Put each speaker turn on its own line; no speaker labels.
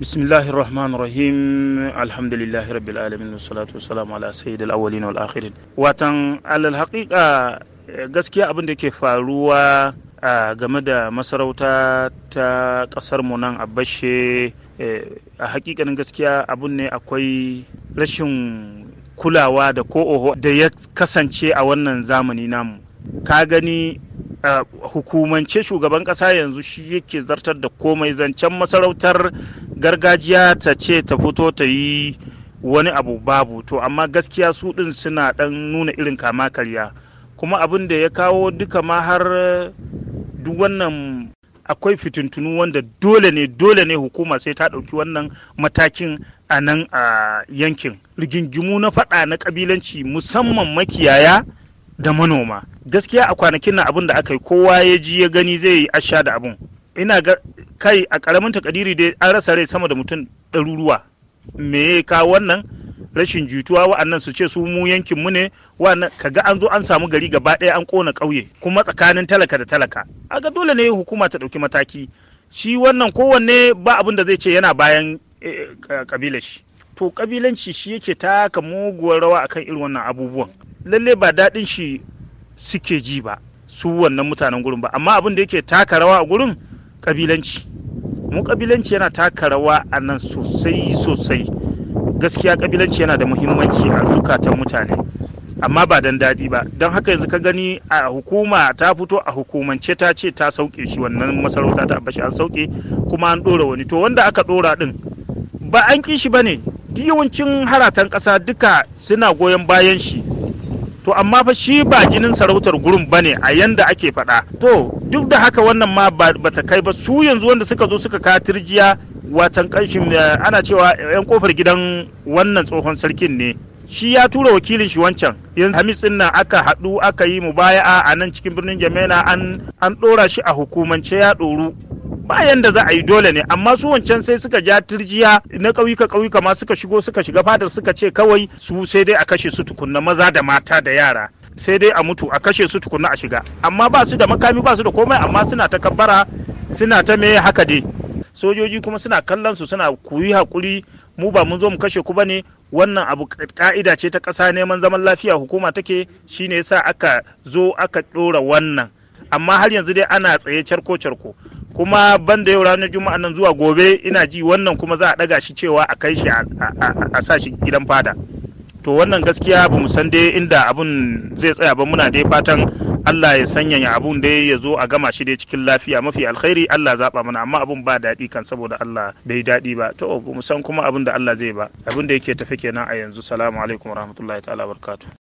بسم الله الرحمن الرحيم الحمد لله رب العالمين والصلاة والسلام على سيد الأولين والآخرين واتن على الحقيقة gaskiya abin da ke faruwa a game da masarauta ta kasar mu nan a bashe eh, a hakikanin gaskiya abin ne akwai rashin kulawa da ko oho da ya kasance a wannan zamani namu ka gani hukumance shugaban kasa yanzu shi yake zartar da komai zancen masarautar gargajiya ta ce ta fito ta yi wani abu babu to amma gaskiya su ɗin suna ɗan nuna irin kama karya kuma abin da ya kawo duka ma har eh, duk wannan akwai fitintunu wanda dole ne dole ne hukuma sai ta ɗauki wannan matakin a nan a yankin rigingimu na faɗa na ƙabilanci musamman makiyaya da manoma gaskiya a kwanakin nan abin da aka yi kowa ya ji ya gani zai yi asha da abin ina ga kai a karamin takadiri dai an rasa rai sama da mutum ɗaruruwa me ya kawo wannan rashin jituwa wa'annan su ce su mu yankin mu ne wa'annan kaga an zo an samu gari gaba ɗaya an kona ƙauye kuma tsakanin talaka da talaka a ga dole ne hukuma ta ɗauki mataki shi wannan kowanne ba abin da zai ce yana bayan eh, eh, ƙabilar shi to ƙabilanci shi yake taka muguwar rawa akan irin wannan abubuwan lalle ba daɗin shi suke ji ba su wannan mutanen gurin ba amma abin da yake taka rawa a gurin kabilanci mu kabilanci yana taka rawa a nan sosai sosai gaskiya kabilanci yana da muhimmanci a zukatan mutane amma ba don daɗi ba don haka yanzu ka gani a hukuma ta fito a hukumance ta ce ta sauke shi wannan masarauta ta bashi an sauke kuma an ɗora wani to wanda aka ɗora ɗin ba an ƙi shi ba ne yawancin haratan ƙasa duka suna goyon bayan shi to amma fa shi ba jinin sarautar gurin ba ne a yanda ake faɗa to duk da haka wannan ma ba ta kai ba su yanzu wanda suka zo suka katirjiya watan kanshin eh, ana cewa yan kofar gidan wannan tsohon sarkin ne shi ya tura wakilin shi wancan yanzu hamis din nan aka haɗu aka yi mubaya'a a nan cikin birnin jamena an an ɗora shi a hukumance ya ɗoru ba yanda za a yi dole ne amma su wancan sai suka ja turjiya na ƙauyuka ƙauyuka ma suka shigo suka shiga fadar suka ce kawai su sai dai a kashe su tukunna maza da mata da yara sai dai a mutu a kashe su tukunna a shiga amma ba su da makami ba su da komai amma suna ta kabbara suna ta me haka dai sojoji kuma suna kallon su suna kuyi hakuri mu ba mun zo mu kashe ku ne wannan abu ka'ida ce ta ƙasa neman zaman lafiya hukuma take shine yasa aka zo aka ɗora wannan amma har yanzu dai ana tsaye carko carko kuma ban da yau ranar juma'a nan zuwa gobe ina ji wannan kuma za a ɗaga shi cewa a kai shi a sa shi gidan fada to wannan gaskiya ba mu san dai inda abun zai tsaya ba muna dai fatan Allah ya sanyaya abun dai ya zo a gama shi dai cikin lafiya mafi alkhairi Allah zaɓa mana amma abun ba daɗi kan saboda Allah bai daɗi ba to ba mu san kuma abun da Allah zai ba abun da yake tafi kenan a yanzu salamu alaikum warahmatullahi ta'ala barkatu